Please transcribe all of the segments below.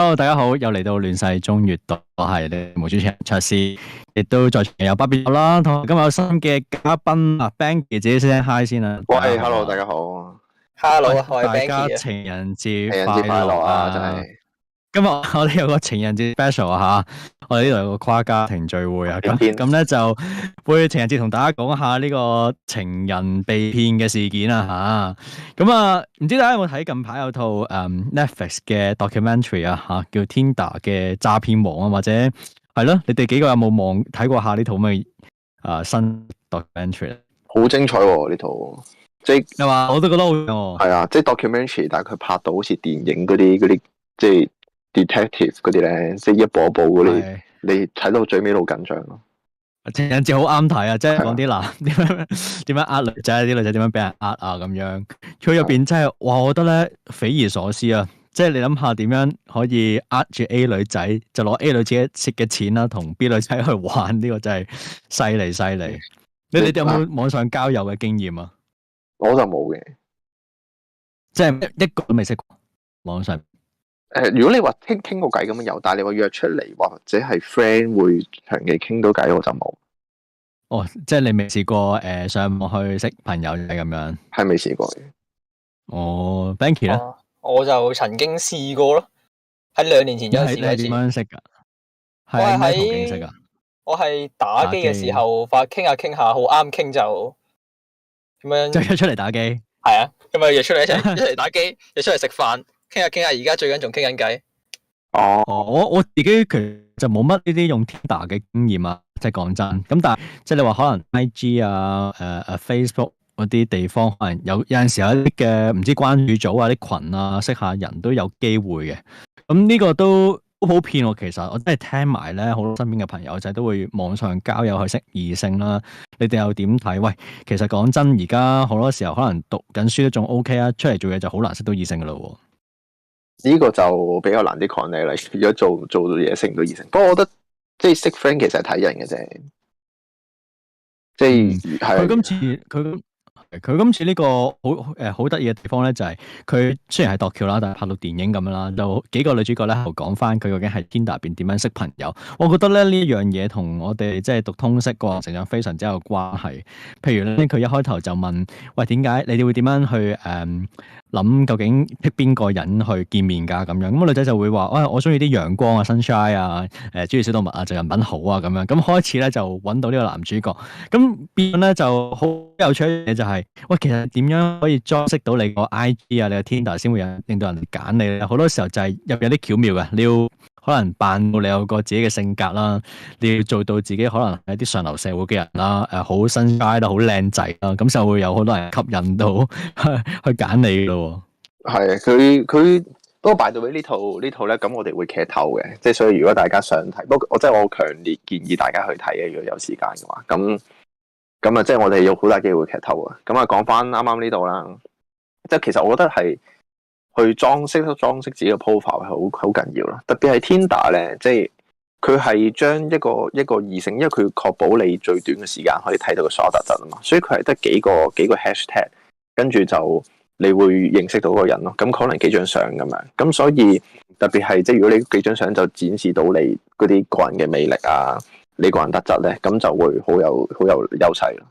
Hello 大家好，又嚟到亂世中閱讀，係吳主持人卓詩，亦都在場有不必好啦，同埋今日有新嘅嘉賓啊 Bengi 姐，自己先 hi 先啦。喂，Hello，大家好。Hello，大家情人節快樂啊，真係。今日我哋有個情人節 special 吓、啊，我哋呢度有個跨家庭聚會啊，咁咁咧就會情人節同大家講下呢個情人被騙嘅事件啊吓。咁啊，唔、嗯、知大家有冇睇近排有套誒、嗯、Netflix 嘅 documentary 啊吓，叫 Tinder 嘅詐騙王啊，或者係咯，你哋幾個有冇望睇過下呢套咩？嘅新 documentary？好精彩喎、啊、呢套，即係話我都覺得好、啊。係啊，即係 documentary，但係佢拍到好似電影嗰啲啲，即係。detective 嗰啲咧，即係一步一步嗰啲，的你睇到最尾好緊張咯。情人節好啱睇啊，即係講啲男點樣點樣呃女仔，啲女仔點樣俾人呃啊咁樣。佢入邊真係哇，我覺得咧匪夷所思啊！即係你諗下，點樣可以呃住 A 女仔，就攞 A 女仔自己蝕嘅錢啦，同 B 女仔去玩？呢個真係犀利犀利。你哋有冇網上交友嘅經驗啊？我就冇嘅，即係一個都未識過網上。誒，如果你話傾傾個偈咁樣有，但係你話約出嚟或者係 friend 會長期傾到偈，我就冇。哦，即係你未試過誒、呃，上網去識朋友仔咁樣，係未試過？我 Banky 咧，我就曾經試過咯，喺兩年前有試。你點樣識噶？我係喺同景識噶。我係打機嘅時候，話傾下傾下，好啱傾就咁樣。就約出嚟打機。係啊，咁咪約出嚟一齊一齊打機，約出嚟食飯。傾下傾下，而家最近仲傾緊偈。哦。我我自己其實就冇乜呢啲用 Tinder 嘅經驗啊，即係講真咁。但係即係你話可能 IG 啊，誒、呃、誒 Facebook 嗰啲地方，可能有有陣時有啲嘅唔知關注組啊啲群啊，識下人都有機會嘅。咁呢個都好普遍、啊、其實我真係聽埋咧，好多身邊嘅朋友仔都會網上交友去識異性啦、啊。你哋又點睇？喂，其實講真，而家好多時候可能讀緊書都仲 OK 啊，出嚟做嘢就好難識到異性噶啦、啊。呢個就比較難啲 connect 啦，如果做做嘢識唔到異性，不過我覺得即係識 friend 其實係睇人嘅啫，即係佢今次佢。佢今次呢個好誒好得意嘅地方咧，就係、是、佢雖然係度橋啦，但係拍到電影咁樣啦，就幾個女主角咧，又講翻佢究竟喺 Tinder 入邊點樣識朋友。我覺得咧呢一樣嘢同我哋即係讀通識個人成長非常之有關係。譬如咧，佢一開頭就問，喂，點解你哋會點樣去誒諗、呃、究竟 pick 邊個人去見面噶咁樣？咁個女仔就會話、哎、啊，我中意啲陽光啊，sunshine 啊，誒，中意小動物啊，就人品好啊咁樣。咁開始咧就揾到呢個男主角，咁變咧就好。有趣嘅就係、是、喂，其實點樣可以裝飾到你個 I G 啊、你個 Tinder 先會有令到人揀你咧？好多時候就係有啲巧妙嘅，你要可能扮到你有個自己嘅性格啦，你要做到自己可能係啲上流社會嘅人啦，誒好新派啦，好靚仔啊，咁就會有好多人吸引到 去揀你咯。係啊，佢佢不過拜託呢套呢套咧，咁我哋會劇透嘅，即係所以如果大家想睇，不過我真係我強烈建議大家去睇啊，如果有時間嘅話，咁。咁啊，即係我哋有好大機會劇透啊！咁啊，講翻啱啱呢度啦，即係其實我覺得係去裝飾都裝飾自己個 profile 係好好緊要咯，特別係 Tinder 咧，即係佢係將一個一個異性，因為佢要確保你最短嘅時間可以睇到佢所有特質啊嘛，所以佢係得幾個幾個 hashtag，跟住就你會認識到個人咯，咁可能幾張相咁樣，咁所以特別係即係如果你幾張相就展示到你嗰啲個人嘅魅力啊。你個人特質咧，咁就會好有好有優勢咯。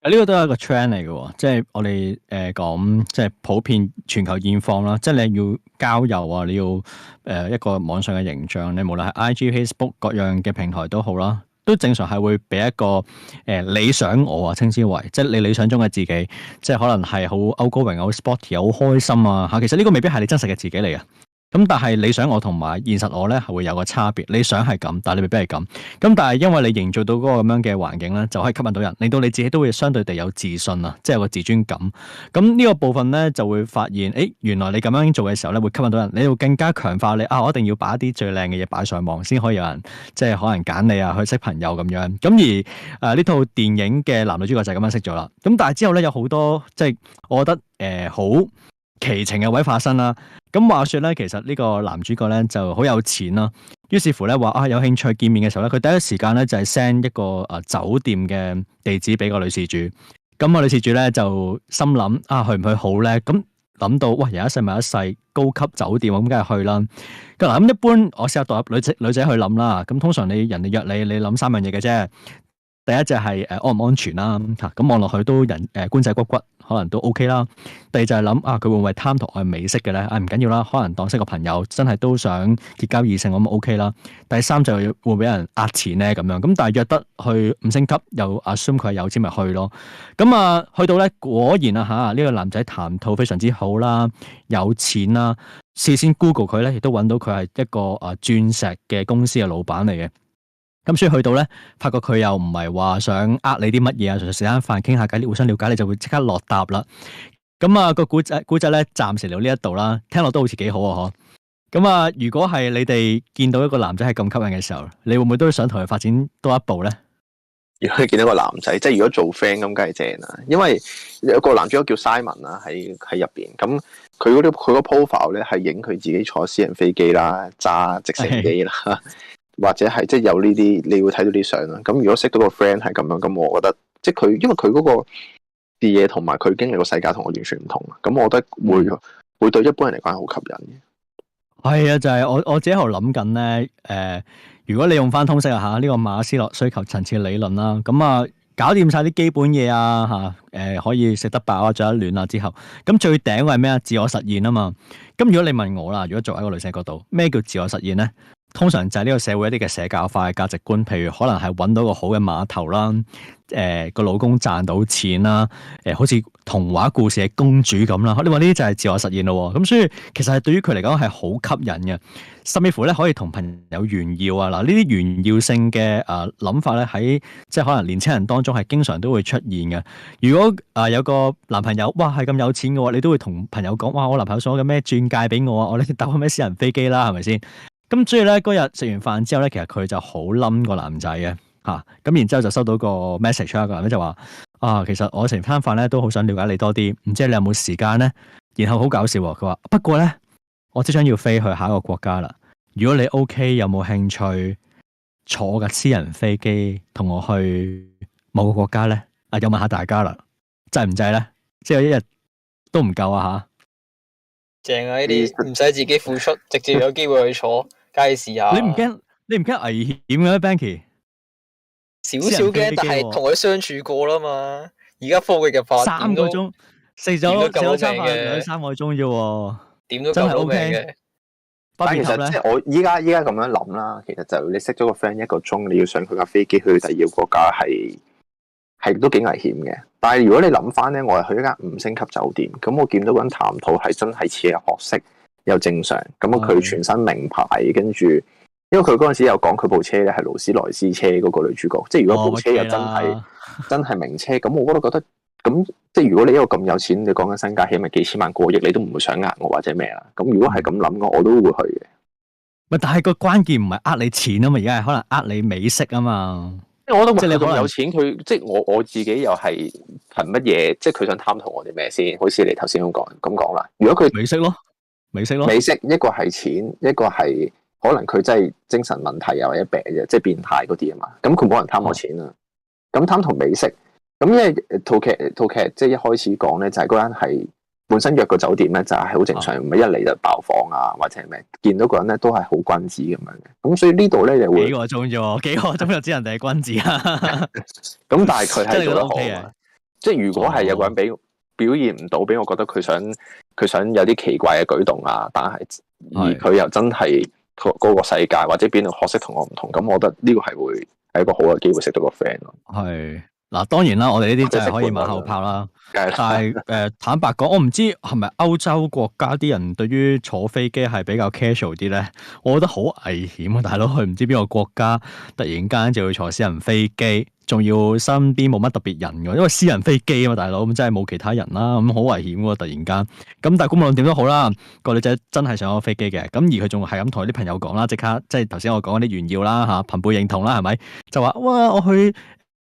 啊，呢個都係一個 trend 嚟嘅，即係我哋誒講，即係普遍全球現況啦。即係你要交友啊，你要誒一個網上嘅形象，你無論係 IG、 Facebook 各樣嘅平台都好啦，都正常係會俾一個誒、呃、理想我啊，稱之為即係你理想中嘅自己，即係可能係好 outgoing、好 sporty、好開心啊嚇。其實呢個未必係你真實嘅自己嚟嘅。咁但係你想我同埋現實我咧，係會有個差別。你想係咁，但係你未必係咁。咁但係因為你營造到嗰個咁樣嘅環境咧，就可以吸引到人,令到你自己都會相對地有自信啊，即係個自尊感。咁呢個部分咧，就會發現，誒、欸，原來你咁樣做嘅時候咧，會吸引到人，你要更加強化你啊！我一定要把一啲最靚嘅嘢擺上網，先可以有人即係、就是、可能揀你啊，去識朋友咁樣。咁而誒呢套電影嘅男女主角就咁樣識咗啦。咁但係之後咧，有好多即係、就是、我覺得誒好。呃奇情嘅位發生啦，咁話說咧，其實呢個男主角咧就好有錢咯，於是乎咧話啊有興趣見面嘅時候咧，佢第一時間咧就係、是、send 一個誒、呃、酒店嘅地址俾個女事主，咁、那個女事主咧就心諗啊去唔去好咧？咁諗到哇，有一世咪一世高級酒店，咁梗係去，去啦。嗱，咁一般我試下代入女仔女仔去諗啦，咁通常你人哋約你，你諗三樣嘢嘅啫。第一就係誒安唔安全啦吓、啊，咁望落去都人誒官仔骨骨，可能都 OK 啦。第二就係諗啊，佢會唔會貪圖愛美色嘅咧？啊唔緊要啦，可能當識個朋友，真係都想結交異性，咁 OK 啦。第三就係會俾人呃錢咧咁樣，咁但係約得去五星級，又 assume 佢係有錢咪去咯。咁、嗯、啊，去到咧果然啊吓，呢、啊呢個男仔談吐非常之好啦、啊，有錢啦、啊，事先 Google 佢咧亦都揾到佢係一個誒鑽石嘅公司嘅老闆嚟嘅。咁所以去到咧，發覺佢又唔係話想呃你啲乜嘢啊，純粹食下飯傾下偈，互相了解，你就會即刻落答啦。咁、嗯、啊，個古仔古仔咧，暫時到呢一度啦，聽落都好似幾好啊！呵。咁、嗯、啊，如果係你哋見到一個男仔係咁吸引嘅時候，你會唔會都想同佢發展多一步咧？如果見到個男仔，即係如果做 friend 咁，梗係正啦。因為有個男主角叫 Simon 啊，喺喺入邊。咁佢嗰啲佢個 profile 咧係影佢自己坐私人飛機啦，揸直升機啦。Okay. 或者係即係有呢啲，你會睇到啲相啦。咁如果識到個 friend 係咁樣，咁我覺得即係佢，因為佢嗰個啲嘢同埋佢經歷個世界同我完全唔同啊。咁我覺得會、嗯、會對一般人嚟講係好吸引嘅。係啊、哎，就係、是、我我自己喺度諗緊咧。誒、呃，如果你用翻通識吓呢、啊這個馬斯洛需求層次理論啦，咁啊搞掂晒啲基本嘢啊吓，誒、啊、可以食得飽啊，着得暖啊之後，咁、啊、最頂係咩啊？自我實現啊嘛。咁如果你問我啦，如果從一個女性角度，咩叫自我實現咧？通常就係呢個社會一啲嘅社交化嘅價值觀，譬如可能係揾到個好嘅碼頭啦，誒、呃、個老公賺到錢啦，誒好似童話故事嘅公主咁啦，你話呢啲就係自我實現咯，咁所以其實係對於佢嚟講係好吸引嘅，甚至乎咧可以同朋友炫耀啊！嗱、呃，呢啲炫耀性嘅誒諗法咧，喺即係可能年青人當中係經常都會出現嘅。如果誒、呃、有個男朋友哇係咁有錢嘅話，你都會同朋友講哇，我男朋友送咗咩鑽戒俾我啊，我呢搭咩私人飛機啦，係咪先？咁所以咧，嗰日食完飯之後咧，其實佢就好冧個男仔嘅吓，咁、啊、然之後就收到一個 message 啦，一個男嘅就話：啊，其實我成餐飯咧，都好想了解你多啲，唔知你有冇時間咧？然後好搞笑、啊，佢話：不過咧，我只想要飛去下一個國家啦。如果你 OK，有冇興趣坐架私人飛機同我去某個國家咧？啊，又問下大家啦，制唔制咧？即係有一日都唔夠啊！吓、啊，正啊！呢啲唔使自己付出， 直接有機會去坐。計時下，你唔驚你唔驚危險點樣咧？Banky 少少驚，但係同佢相處過啦嘛。而家科技嘅化，三個鐘，四咗，四組差唔多三個鐘啫。點都命真係 OK 嘅。但其實呢即我依家依家咁樣諗啦，其實就你識咗個 friend 一個鐘，你要上佢架飛機去第二個國家，係係都幾危險嘅。但係如果你諗翻咧，我係去一間五星級酒店，咁我見到搵談吐係真係似係學識。又正常，咁佢全身名牌，嗯、跟住，因為佢嗰陣時又講佢部車咧，係勞斯萊斯車嗰個女主角，哦、即係如果部車又真係、哦、真係名車，咁 我都覺得，咁即係如果你一個咁有錢，你講緊身價起咪幾千萬過億，你都唔會想呃我或者咩啦，咁如果係咁諗嘅，我都會去嘅。唔但係個關鍵唔係呃你錢啊嘛，而係可能呃你美色啊嘛。即係我都即你咁有錢，佢即係我我自己又係憑乜嘢？即係佢想貪圖我哋咩先？好似你頭先咁講，咁講啦。如果佢美色咯。美色咯，美色，一個係錢，一個係可能佢真係精神問題又或者病啫，即係變態嗰啲啊嘛。咁佢冇人貪我錢啊，咁貪同美色。咁、嗯、因為套劇套劇即係一開始講咧，就係、是、嗰人係本身約個酒店咧，就係、是、好正常。唔係、嗯、一嚟就爆房啊，或者咩？見到個人咧都係好君子咁樣嘅。咁、嗯、所以呢度咧又幾個鐘啫，幾個鐘又知人哋係君子啊。咁 但係佢係做得好啊，即係如果係有個人俾。表現唔到俾我，覺得佢想佢想有啲奇怪嘅舉動啊，但係而佢又真係嗰是的 個世界或者邊度學識同我唔同，咁我覺得呢個係會係一個好嘅機會，啊，識到個 friend 咯。係。嗱，當然啦，我哋呢啲就係可以馬後炮啦。但係誒、呃，坦白講，我唔知係咪歐洲國家啲人對於坐飛機係比較 casual 啲咧。我覺得好危險啊，大佬佢唔知邊個國家，突然間就要坐私人飛機，仲要身邊冇乜特別人㗎，因為私人飛機啊嘛，大佬咁真係冇其他人啦，咁好危險喎！突然間咁、啊，但係估無論點都好啦，個女仔真係想坐飛機嘅。咁而佢仲係咁同啲朋友講啦，即刻即係頭先我講嗰啲炫耀啦嚇，朋、啊、輩認同啦係咪？就話哇，我去。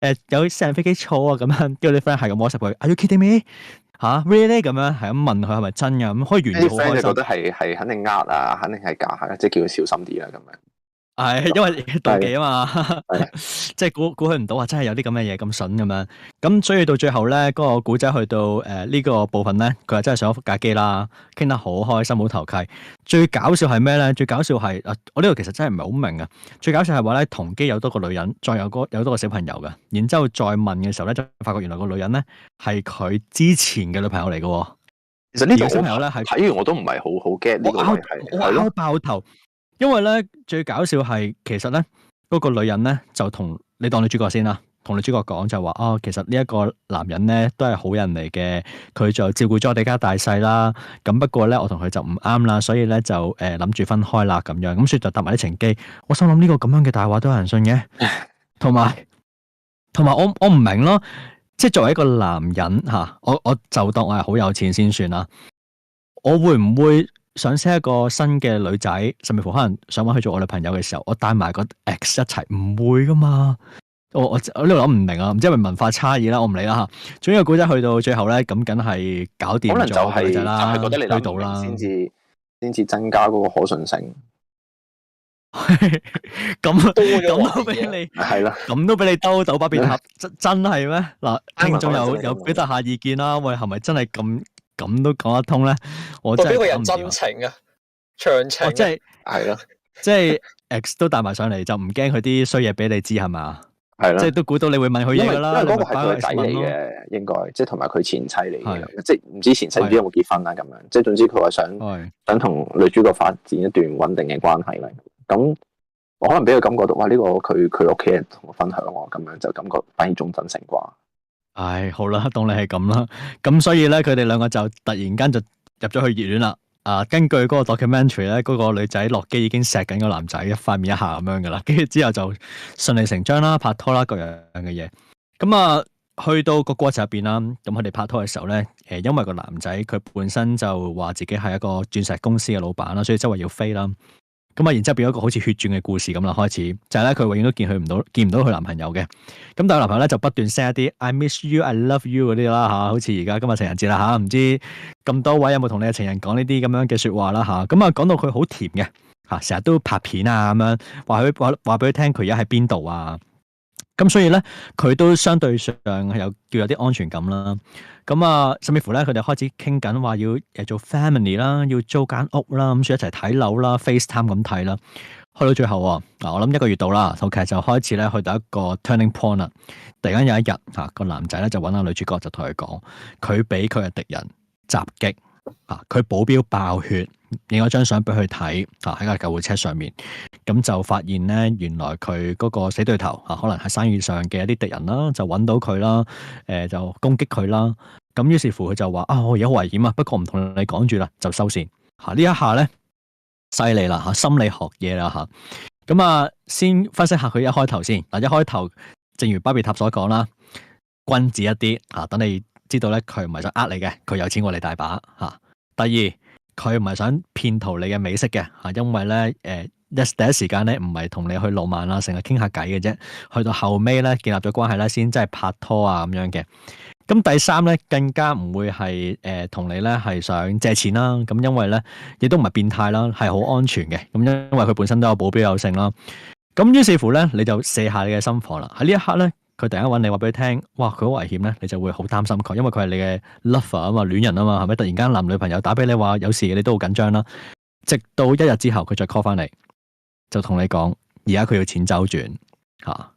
誒、呃，有私人飛機坐 啊，咁、really、樣，叫住啲 friend 係咁 WhatsApp 佢，are you kidding me？吓 really 咁樣是是，係咁問佢係咪真噶，咁可以完全覺得係係肯定呃啦，肯定係假吓，即係叫佢小心啲啦，咁樣。係，因為妒忌啊嘛， 即係估估佢唔到啊，真係有啲咁嘅嘢咁笋咁樣，咁所以到最後咧，嗰、那個古仔去到誒呢、呃這個部分咧，佢係真係上咗架機啦，傾得好開心，好投契。最搞笑係咩咧？最搞笑係啊，我呢度其實真係唔係好明啊。最搞笑係話咧，同機有多個女人，再有個有多個小朋友嘅，然之後再問嘅時候咧，就發覺原來個女人咧係佢之前嘅女朋友嚟嘅。其實呢個小朋友咧，睇完我都唔係好好 get 呢個係我 out 爆頭。吧因為咧最搞笑係，其實咧嗰、那個女人咧就同你當女主角先啦，同女主角講就話哦，其實呢一個男人咧都係好人嚟嘅，佢就照顧咗我哋家大細啦。咁不過咧我同佢就唔啱啦，所以咧就誒諗住分開啦咁樣。咁所以就搭埋啲情機，我心諗呢個咁樣嘅大話都有人信嘅。同埋同埋我我唔明咯，即係作為一個男人吓、啊，我我就當我係好有錢先算啦、啊，我會唔會？想識一個新嘅女仔，甚至乎可能想揾佢做我女朋友嘅時候，我帶埋個 ex 一齊，唔會噶嘛？我我我呢度諗唔明啊！唔知係咪文化差異啦，我唔理啦吓。總之，古仔去到最後咧，咁梗係搞掂咗女仔啦，覺得你推到啦，先至先至增加嗰個可信性。係咁，咁都俾你，係咯，咁都俾你兜到百變塔真真係咩？嗱，聽眾有有表達下意見啦？喂，係咪真係咁？咁都講得通咧，我俾個人真情啊，長情，即係係咯，即係 X 都帶埋上嚟，就唔驚佢啲衰嘢俾你知係嘛，係咯，即係都估到你會問佢嘢，因為因為嗰個係佢個仔嚟嘅，應該即係同埋佢前妻嚟嘅，即係唔知前妻唔知有冇結婚啦咁樣，即係總之佢話想想同女主角發展一段穩定嘅關係啦，咁我可能俾佢感覺到哇呢個佢佢屋企人同我分享我咁樣就感覺反而仲真誠啩。唉，好啦，當你係咁啦，咁所以咧，佢哋兩個就突然間就入咗去熱戀啦。啊，根據嗰個 documentary 咧，嗰、那個女仔落機已經錫緊個男仔，一塊面一下咁樣噶啦，跟住之後就順理成章啦，拍拖啦各樣嘅嘢。咁啊，去到個過程入邊啦，咁佢哋拍拖嘅時候咧，誒、呃，因為個男仔佢本身就話自己係一個鑽石公司嘅老闆啦，所以周圍要飛啦。咁啊，然之後變咗一個好似血轉嘅故事咁啦，開始就係咧，佢永遠都見佢唔到，見唔到佢男朋友嘅。咁但係男朋友咧就不斷 send 一啲 I miss you, I love you 嗰啲啦嚇，好似而家今日情人節啦嚇，唔知咁多位有冇同你嘅情人講呢啲咁樣嘅説話啦嚇？咁啊，講到佢好甜嘅嚇，成日都拍片啊咁樣，話佢話話俾佢聽佢而家喺邊度啊。咁所以咧，佢都相對上係有叫有啲安全感啦。咁啊，甚至乎咧，佢哋開始傾緊話要誒做 family 啦，要租間屋啦，咁就一齊睇樓啦，FaceTime 咁睇啦。去到最後啊，啊我諗一個月到啦，套、okay，劇就開始咧去到一個 turning point 啦。突然間有一日嚇，個、啊、男仔咧就揾下女主角就同佢講，佢俾佢嘅敵人襲擊嚇，佢、啊、保鏢爆血。影咗張相俾佢睇，吓，喺架救護車上面，咁就發現咧，原來佢嗰個死對頭啊，可能係生意上嘅一啲敵人啦，就揾到佢啦，誒、呃，就攻擊佢啦。咁、啊、於是乎佢就話啊，我而家好危險啊，不過唔同你講住啦，就收線吓。呢、啊、一下咧，犀利啦吓，心理學嘢啦吓。咁啊，啊，先分析下佢一開頭先嗱、啊，一開頭正如巴比塔所講啦，君子一啲啊，等你知道咧，佢唔係想呃你嘅，佢有錢過你大把吓、啊。第二。佢唔係想騙徒你嘅美色嘅，啊，因為咧，誒、呃、一第一時間咧，唔係同你去浪漫啊，成日傾下偈嘅啫，去到後尾咧，建立咗關係啦，先真係拍拖啊咁樣嘅。咁第三咧，更加唔會係誒同你咧係想借錢啦，咁因為咧亦都唔係變態啦，係好安全嘅，咁因為佢本身都有保鏢有性啦。咁於是乎咧，你就卸下你嘅心防啦。喺呢一刻咧。佢突然間揾你話俾你聽，哇佢好危險咧，你就會好擔心佢，因為佢係你嘅 lover 啊嘛，戀人啊嘛，係咪？突然間男女朋友打俾你話，有事，你都好緊張啦。直到一日之後佢再 call 翻嚟，就同你講，而家佢要錢周轉吓，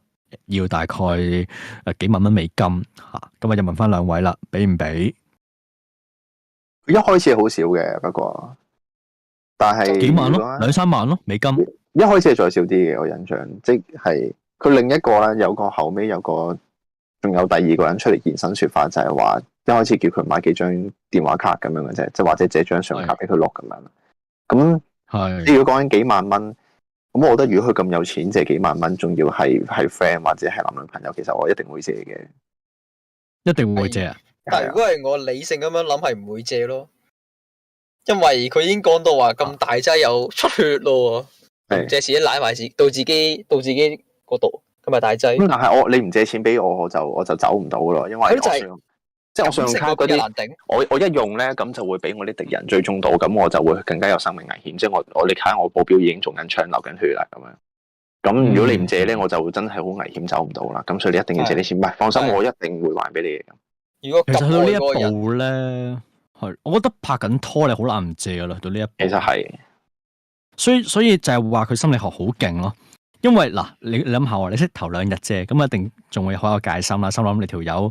要大概誒幾萬蚊美金吓，咁啊又問翻兩位啦，俾唔俾？一開始好少嘅，不過但係幾萬咯，兩三萬咯美金，一開始係再少啲嘅，我印象即係。佢另一個咧，有個後尾，有個，仲有第二個人出嚟現身說法，就係、是、話一開始叫佢買幾張電話卡咁樣嘅啫，即係或者借張信用卡俾佢碌咁樣。咁係，如果講緊幾萬蚊，咁我覺得如果佢咁有錢借幾萬蚊，仲要係係 friend 或者係男女朋友，其實我一定會借嘅，一定唔會借啊！但如果係我理性咁樣諗，係唔會借咯，因為佢已經講到話咁大劑又出血咯，是借錢賴埋自到自己，自己到自己。度，同埋大劑。但係我你唔借錢俾我，我就我就走唔到咯，因為我、就是、即係我信用卡嗰啲難頂。我、嗯、我一用咧，咁就會俾我啲敵人追蹤到，咁我就會更加有生命危險。即係我我你睇下，我，我保鏢已經做緊槍流緊血啦，咁樣。咁如果你唔借咧，嗯、我就真係好危險走唔到啦。咁所以你一定要借啲的錢，唔係放心，的我一定會還俾你。如果其實去到呢一步咧，係我覺得拍緊拖你好難唔借咯。到呢一步其實係，所以所以就係話佢心理學好勁咯。因為嗱，你你諗下你識頭兩日啫，咁一定仲會好有戒心啦，心諗你條友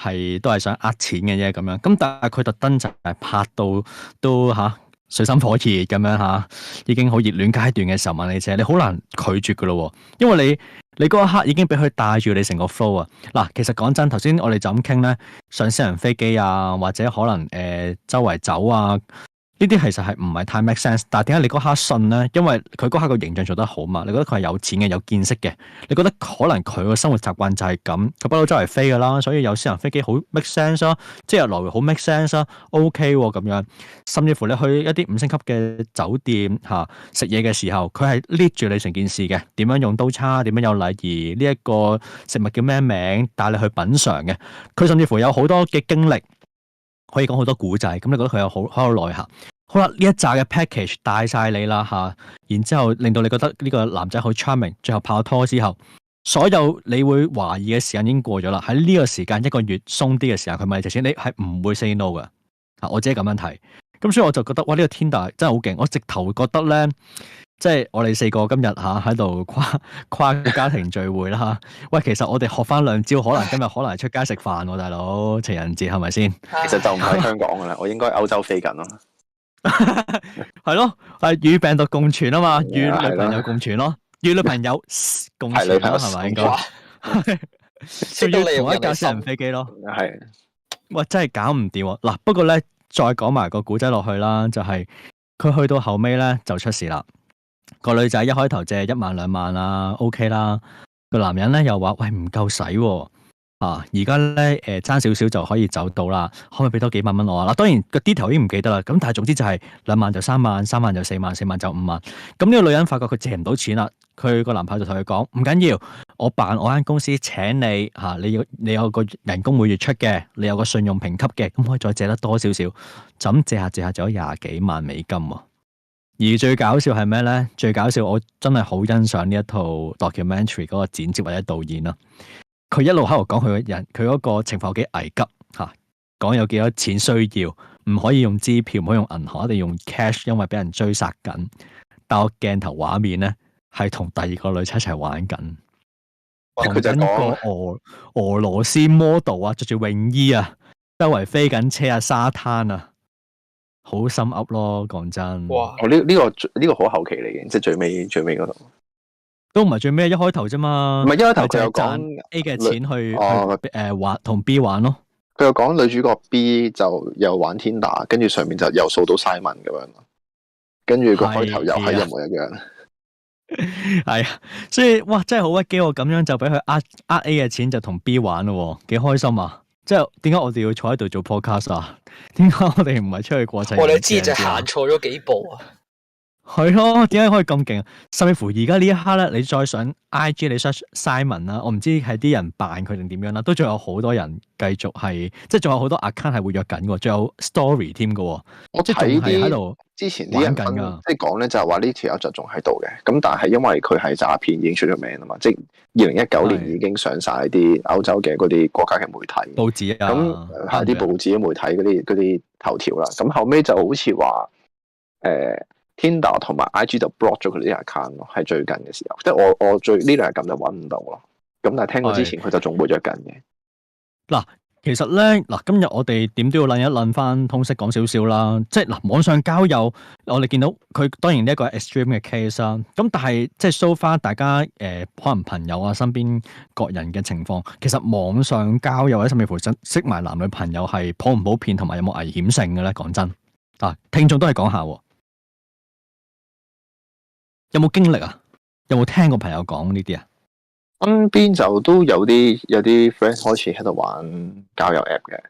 係都係想呃錢嘅啫，咁樣，咁但係佢特登就拍到都吓水深火熱咁樣吓，已經好熱戀階段嘅時候問你借，你好難拒絕噶咯，因為你你嗰一刻已經俾佢帶住你成個 flow 啊。嗱，其實講真，頭先我哋就咁傾咧，上私人飛機啊，或者可能誒、呃、周圍走啊。呢啲其實係唔係太 make sense？但係點解你嗰刻信咧？因為佢嗰刻個形象做得好嘛，你覺得佢係有錢嘅、有見識嘅，你覺得可能佢個生活習慣就係咁，佢不嬲周圍飛㗎啦，所以有私人飛機好 make sense 啦，即日來回好 make sense 啦，OK 喎、哦、咁樣，甚至乎你去一啲五星級嘅酒店嚇食嘢嘅時候，佢係 lead 住你成件事嘅，點樣用刀叉，點樣有禮儀，呢、這、一個食物叫咩名，帶你去品嚐嘅，佢甚至乎有好多嘅經歷。可以講好多古仔，咁你覺得佢有好，好有內涵。好啦，呢一紮嘅 package 帶晒你啦吓、啊，然之後令到你覺得呢個男仔好 charming，最後拍拖之後，所有你會懷疑嘅時間已經過咗啦。喺呢個時間一個月鬆啲嘅時候，佢咪就算你係唔會 say no 噶，啊，我自己咁樣睇，咁所以我就覺得哇，呢、這個 Tinder 真係好勁，我直頭覺得咧。即係我哋四個今日吓喺度跨跨，跨家庭聚會啦吓。喂，其實我哋學翻兩招，可能今日可能係出街食飯，啊，大佬情人節係咪先？其實就唔喺香港噶啦， 我應該歐洲飛緊、啊、 咯。係咯，係與病毒共存啊嘛，與 女朋友共存咯，與女朋友共存咯係咪應該？不如 同一架私人飛機咯，係哇 是， 真係搞唔掂嗱。不過咧，再講埋個古仔落去啦，就係、是、佢去到後尾咧就出事啦。個女仔一開頭借一萬兩萬啦、啊、，OK 啦。個男人咧又話：喂，唔夠使啊！而家咧，誒，爭少少就可以走到啦。可唔可以俾多幾百蚊我啊？嗱，當然個啲頭已經唔記得啦。咁但係總之就係、是、兩萬就三萬，三萬就四萬，四萬就五萬。咁呢個女人發覺佢借唔到錢啦，佢、個男朋友就同佢講：唔緊要，我辦我間公司，請你吓、啊，你要你有個人工每月出嘅，你有個信用評級嘅，咁可以再借得多少少，就咁借下借下，就咗廿幾萬美金、啊。而最搞笑係咩咧？最搞笑，我真係好欣賞呢一套 documentary 嗰個剪接或者導演啦、啊。佢一路喺度講佢個人，佢嗰個情況幾危急吓，講、啊、有幾多錢需要，唔可以用支票，唔可以用銀行，一定用 cash，因為俾人追殺緊。但我鏡頭畫面咧，係同第二個女仔一齊玩緊，同一個俄俄羅斯 model 啊，着住泳衣啊，周圍飛緊車啊，沙灘啊。好心噏咯，講真。哇！呢呢個呢個好後期嚟嘅，即係最尾最尾嗰度都唔係最尾，一開頭啫嘛。唔係一開頭就賺 A 嘅錢去誒玩同 B 玩咯。佢又講女主角 B 就又玩 Tinder，跟住上面就又掃到 Simon 咁樣咯。跟住個開頭又係一模一樣。係啊，所以哇，真係好屈機，我咁樣就俾佢呃呃 A 嘅錢就同 B 玩咯，幾開心啊！即係點解我哋要坐喺度做 Podcast 啊？點解我哋唔係出去過世啊？我哋知就行，是，錯咗幾步啊！ 係咯，點解可以咁勁啊？甚至乎而家呢一刻咧，你再上 IG，你 search Simon 啦，我唔知係啲人扮佢定點樣啦，都仲有好多人繼續係，即係仲有好多 account 係活躍緊嘅，仲有 story 添嘅。我即係喺度之前呢一分，即係講咧就係話呢條友就仲喺度嘅。咁但係因為佢係詐騙，已經出咗名啊嘛，的即二零一九年已經上晒啲歐洲嘅嗰啲國家嘅媒體報紙啊，咁下啲報紙嘅媒體嗰啲嗰啲頭條啦。咁後尾就好似話誒。呃 Tinder 同埋 IG 就 block 咗佢啲 account 咯，係最近嘅時候，即係我我最呢兩日咁就揾唔到咯。咁但係聽過之前佢的就仲活躍緊嘅。嗱，其實咧，嗱，今日我哋點都要諗一諗翻通識講少少啦。即係嗱，網上交友，我哋見到佢當然呢一個 extreme 嘅 case 啦。咁但係即係 show 翻大家誒、呃，可能朋友啊、身邊各人嘅情況，其實網上交友或者甚至乎識識埋男女朋友係普唔普遍同埋有冇危險性嘅咧？講真，啊，聽眾都係講下。有冇經歷啊？有冇聽過朋友講呢啲啊？身邊就都有啲有啲 friend 開始喺度玩交友 app 嘅，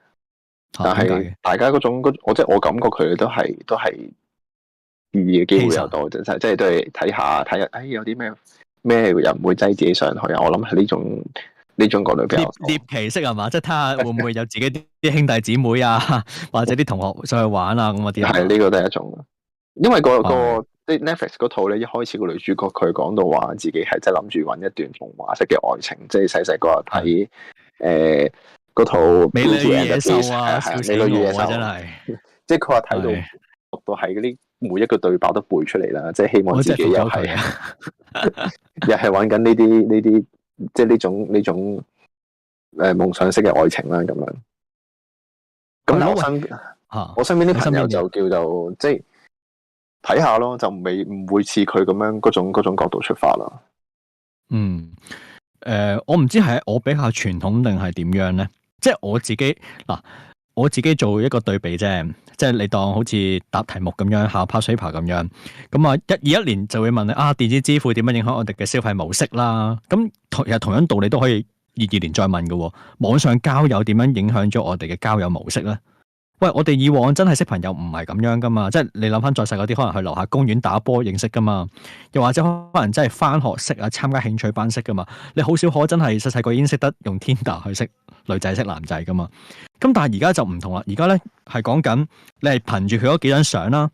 但係大家嗰種、啊、我即係我感覺佢都係都係遇嘅機會多，實即係即係都係睇下睇下，哎有啲咩咩人會擠自己上去啊？我諗係呢種呢種角度比較多，獵奇式係嘛？即係睇下會唔會有自己啲兄弟姊妹啊， 或者啲同學上去玩啊咁啊啲係呢個都係一種，因為個個、啊。嗯嗯 Netflix 嗰套咧，一開始個女主角佢講到話自己係真係諗住揾一段童話式嘅愛情，即係細細個睇誒嗰套《呃、美女野獸》啊，《美女野獸》真係，即係佢話睇到到喺嗰啲每一個對白都背出嚟啦，即係希望自己又係 又係揾緊呢啲呢啲，即係呢種呢種誒夢想式嘅愛情啦，咁樣。咁我身我身邊啲喂朋友就叫做即係。睇下咯，就未唔會似佢咁樣嗰種嗰種角度出發啦。嗯，誒、呃，我唔知係我比較傳統定係點樣咧？即係我自己嗱，我自己做一個對比啫。即係你當好似答題目咁樣，下 part paper 咁樣。咁啊，一二一年就會問你啊，電子支付點樣影響我哋嘅消費模式啦。咁同又同樣道理都可以二二年再問嘅。網上交友點樣影響咗我哋嘅交友模式咧？喂，我哋以往真係識朋友唔係咁樣噶嘛，即係你諗返再細嗰啲，可能去樓下公園打波認識噶嘛，又或者可能真係返學識啊，參加興趣班識噶嘛，你好少可真係細細個已經識得用 Tinder 去識女仔識男仔噶嘛，咁但係而家就唔同啦，而家呢係講緊你係憑住佢嗰幾張相啦、啊。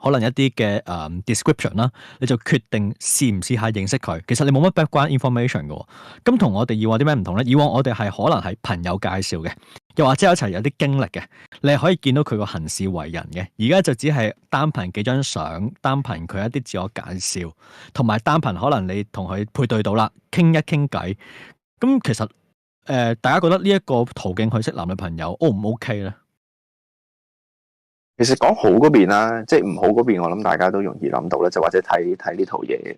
可能一啲嘅誒 description 啦，你就決定試唔試下認識佢。其實你冇乜 background information 嘅喎、哦。咁同我哋以往啲咩唔同咧？以往我哋係可能係朋友介紹嘅，又或者一齊有啲經歷嘅，你係可以見到佢個行事為人嘅。而家就只係單憑幾張相，單憑佢一啲自我介紹，同埋單憑可能你同佢配對到啦，傾一傾偈。咁、嗯、其實誒、呃，大家覺得呢一個途徑去識男女朋友 O 唔 O K 咧？可其實講好嗰邊啦，即係唔好嗰邊，我諗大家都容易諗到咧，就或者睇睇呢套嘢，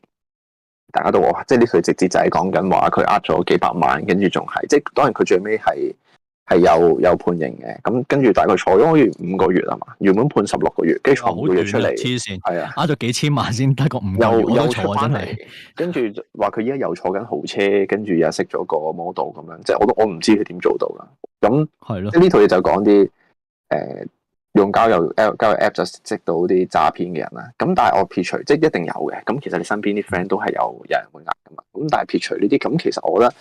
大家都話即係呢，佢直接就係講緊話佢呃咗幾百萬，跟住仲係，即係當然佢最尾係係有有判刑嘅，咁跟住大概坐咗五個月啊嘛，原本判十六個月，跟住坐好遠黐線，係啊，呃咗、啊啊、幾千萬先得個五個月又坐返嚟，跟住話佢依家又坐緊豪車，跟住又識咗個 model 咁樣，即係我都我唔知佢點做到啦，咁係咯，即呢套嘢就講啲誒。用交友交友 app 就識到啲詐騙嘅人啦，咁但係我撇除，即係一定有嘅。咁其實你身邊啲 friend 都係有有人會呃㗎嘛。咁但係撇除呢啲，咁其實我覺得，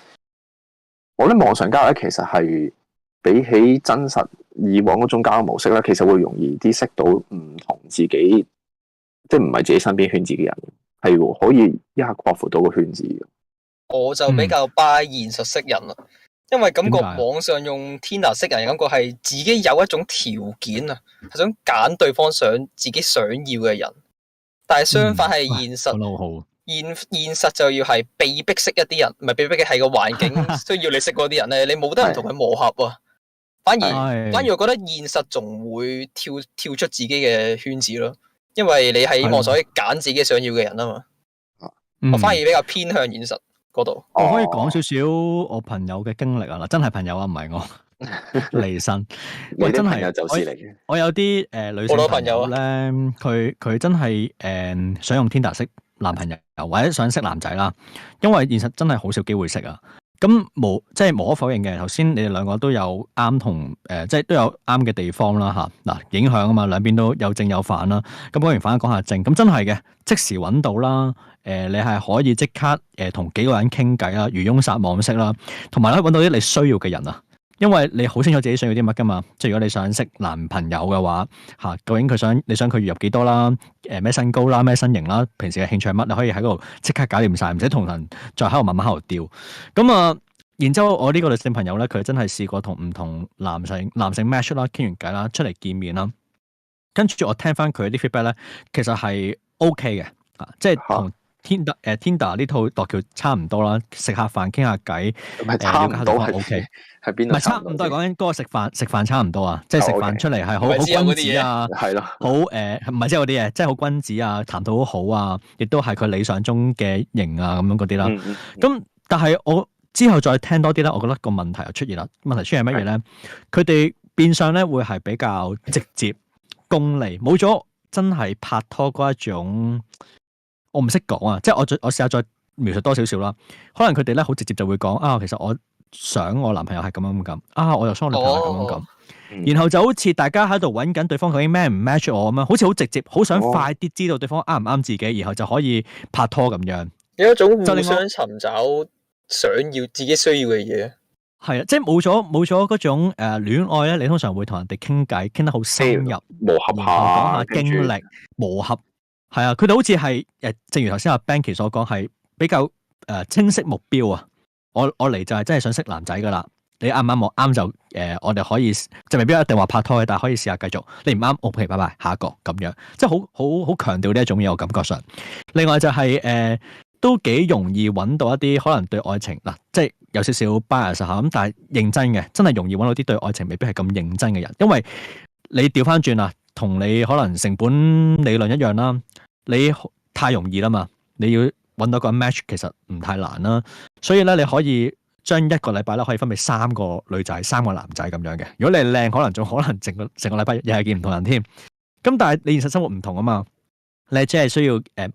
我覺得網上交友其實係比起真實以往嗰種交友模式咧，其實會容易啲識到唔同自己，即係唔係自己身邊圈子嘅人，係可以一下擴闊到個圈子。我就比較 buy 現實識人啦。因為感覺網上用 Tinder 識人，感覺係自己有一種條件啊，係想揀對方想自己想要嘅人，但係相反係現實，嗯、現現實就要係被逼識一啲人，唔係被逼嘅係個環境需要你識嗰啲人咧， 你冇得人同佢磨合啊，反而的反而我覺得現實仲會跳跳出自己嘅圈子咯，因為你係希望揀自己想要嘅人啊嘛，我、嗯、反而比較偏向現實。度，我可以講少少我朋友嘅經歷啊嗱，真係朋友啊，唔係我離 身， 喂真係、啊，我有啲誒女性朋友咧，佢佢真係誒想用 Tinder 識男朋友，又或者想識男仔啦，因為現實真係好少機會識啊。咁無即係無可否認嘅，頭先你哋兩個都有啱同誒、呃，即係都有啱嘅地方啦嚇。嗱、啊，影響啊嘛，兩邊都有正有、啊、反啦。咁講完反，講下正。咁、啊、真係嘅，即時揾到啦。誒、呃，你係可以即刻誒同、呃、幾個人傾偈啦，如漁翁撒網式啦，同埋咧揾到啲你需要嘅人啊！因為你好清楚自己想要啲乜噶嘛，即係如果你想識男朋友嘅話，嚇、啊、究竟佢想你想佢月入幾多啦，誒咩身高啦咩身形啦，平時嘅興趣係乜，你可以喺度即刻搞掂晒，唔使同人再喺度慢慢喺度調。咁、嗯、啊，然之後我呢個女性朋友咧，佢真係試過同唔同男性男性 match 啦，傾完偈啦，出嚟見面啦，跟住我聽翻佢啲 feedback 咧，其實係 OK 嘅，啊即係同。啊 Tinder 呢套度橋差唔多啦，食下飯傾下偈，差唔多係 O K。係邊度？唔係差唔多，講緊嗰個食飯，食飯差唔多啊，即係食飯出嚟係好、呃就是、君子啊，係咯，好誒，唔係即係嗰啲嘢，即係好君子啊，談吐好好啊，亦都係佢理想中嘅型啊，咁樣嗰啲啦。咁、嗯嗯嗯、但係我之後再聽多啲啦，我覺得個問題又出現啦。問題出現係乜嘢咧？佢哋的變相咧會係比較直接、功利，冇咗真係拍拖嗰一種。我唔識講啊，即係我再我試下再描述多少少啦。可能佢哋咧好直接就會講啊，其實我想我男朋友係咁樣咁，啊我又想我女朋友係咁樣咁。哦、然後就好似大家喺度揾緊對方究竟咩唔 match 我咁樣，好似好直接，好想快啲知道對方啱唔啱自己，然後就可以拍拖咁樣。有一種就你想尋找、想要自己需要嘅嘢，係啊， 即係冇咗冇咗嗰種誒戀愛咧。你通常會同人哋傾偈，傾得好深入，磨合下，講下經歷，磨合。著係啊，佢哋好似係誒，正如頭先阿 Becky 所講，係比較誒、呃、清晰目標啊。我我嚟就係真係想識男仔噶啦。你啱唔啱？我啱就誒，我哋可以就未必一定話拍拖，嘅，但係可以試下繼續。你唔啱，OK，拜拜，下一個咁樣。即係好好好強調呢一種嘢，我感覺上。另外就係、是、誒、呃，都幾容易揾到一啲可能對愛情嗱、呃，即係有少少 bias 吓咁，但係認真嘅，真係容易揾到啲對愛情未必係咁認真嘅人。因為你調翻轉啊。同你可能成本理論一樣啦，你太容易啦嘛，你要揾到個 match 其實唔太難啦，所以咧，你可以將一個禮拜咧可以分畀三個女仔、三個男仔咁樣嘅。如果你係靚，可能仲可能整個成個禮拜又係見唔同人添。咁但係你現實生活唔同啊嘛，你只係需要誒。呃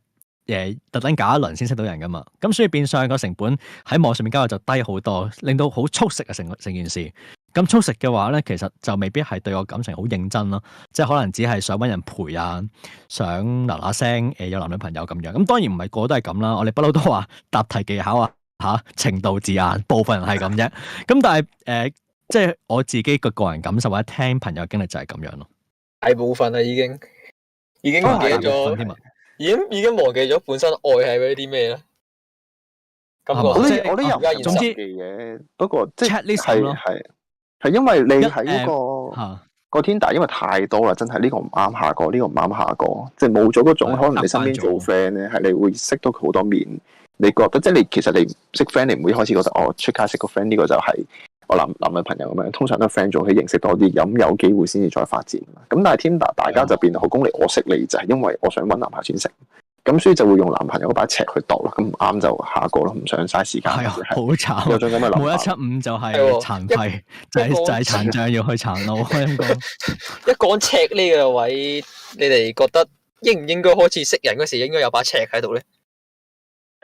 誒，特登搞一輪先識到人噶嘛？咁所以變相，個成本喺網上面交流就低好多，令到好速食啊成成件事。咁速食嘅話咧，其實就未必係對我感情好認真咯，即係可能只係想搵人陪啊，想嗱嗱聲誒有男女朋友咁樣。咁當然唔係個個都係咁啦，我哋不嬲都話答題技巧啊，吓程度字眼，部分人係咁啫。咁 但係誒、呃，即係我自己個個人感受或者聽朋友經歷就係咁樣咯。大部分啦，已經已經唔記得咗。哦已經已經忘記咗本身愛係嗰啲咩咧？咁啊、嗯，嗯、即係而家現實嘅，不過即係 c h 係因為你喺嗰、那個、uh, 個 Tinder，因為太多啦，真係呢、這個唔啱下個，呢、這個唔啱下個，即係冇咗嗰種可能你身邊做 friend 咧，係你會識到佢好多面，你覺得即係你其實你識 friend，你唔會開始覺得哦出街識個 friend 呢個就係、是。我男男女朋友咁樣，通常都 friend 咗，佢認識多啲，咁、嗯、有機會先至再發展。咁但係 Tinder 大家就變到好功利，我識你就係、是、因為我想揾男朋友先識。咁所以就會用男朋友嗰把尺去度啦。咁唔啱就下個咯，唔想嘥時間。好慘的，冇一七五就係殘廢，的就係即係殘障要去殘路。一講尺呢個位，你哋覺得應唔應該開始識人嗰時應該有把尺喺度咧？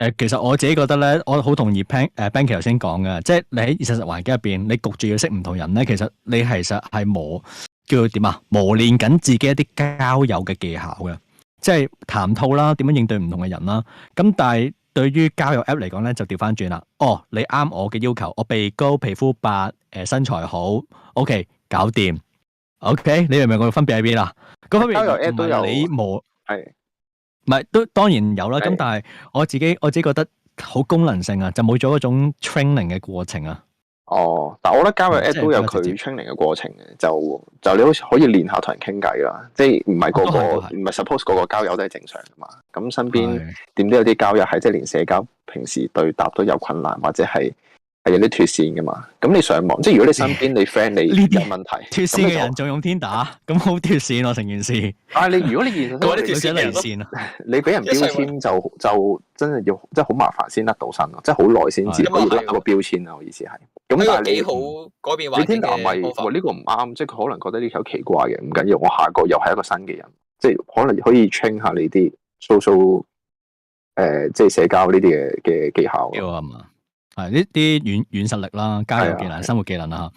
誒，其實我自己覺得咧，我好同意 Ben 誒 Bencher 頭先講嘅，即係你喺現實環境入邊，你焗住要識唔同人咧，其實你其實係磨叫做點啊？磨練緊自己一啲交友嘅技巧嘅，即係談吐啦，點樣應對唔同嘅人啦。咁但係對於交友 App 嚟講咧，就調翻轉啦。哦，你啱我嘅要求，我鼻高、皮膚白、誒身材好，OK，搞掂。OK，你明唔明我嘅分別喺邊啊？個分別唔係你磨係。唔係，都當然有啦。咁的但係我自己，我自己覺得好功能性啊，就冇咗嗰種 training 嘅過程啊。哦，但係我覺得交友 App 都有佢 training 嘅過程嘅，就就你好可以練下同人傾偈啦。即係唔係個個唔係 suppose 個個交友都係正常噶嘛？咁身邊點都有啲交友係即係連社交平時對答都有困難，或者係。係有啲脫線噶嘛？咁你上網，即係如果你身邊你 friend 你呢有問題，脱 線嘅人仲用天打？i 咁好脫線哦，成件事。但啊，你 如果你現，我啲脫線嚟，線啊、 你俾人標籤就就真係要，即係好麻煩先得到身咯，即係好耐先至可要甩個標籤啊。的我意思係，咁的但係你好改變環境嘅。天打咪呢個唔啱，即係佢可能覺得呢條奇怪嘅，唔緊要，我下個又係一個新嘅人，即係可能可以 train 下你啲 so 誒，即係社交呢啲嘅嘅技巧啊係呢啲軟軟實力啦，交友技能、生活技能啦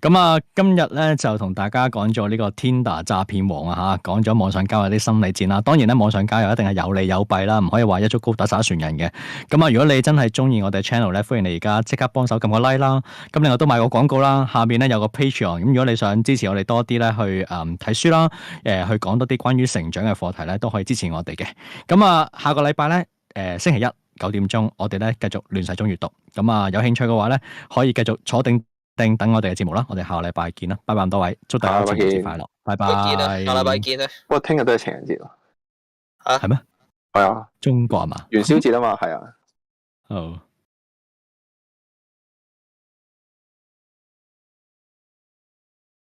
吓。咁啊， 今日咧就同大家講咗呢個 Tinder 詐騙王啊吓，講咗網上交友啲心理戰啦。當然咧，網上交友一定係有利有弊啦，唔可以話一竹篙打晒一船人嘅。咁啊，如果你真係中意我哋 channel 咧，歡迎你而家即刻幫手撳個 like 啦。咁另外都買個廣告啦。下面咧有個 Patreon，咁如果你想支持我哋多啲咧，去誒睇、呃、書啦，誒、呃、去講多啲關於成長嘅課題咧，都可以支持我哋嘅。咁、嗯、啊，下個禮拜咧，誒、呃、星期一。九點鐘，我哋咧繼續亂世中閱讀。咁啊，有興趣嘅話咧，可以繼續坐定定等我哋嘅節目啦。我哋下個禮拜見啦，拜拜咁多位，祝大家情人節快樂，拜拜。下禮拜見咧。不過聽日都係情人節喎。吓，係咩？係啊，中國啊嘛，元宵節啊嘛，係啊。哦。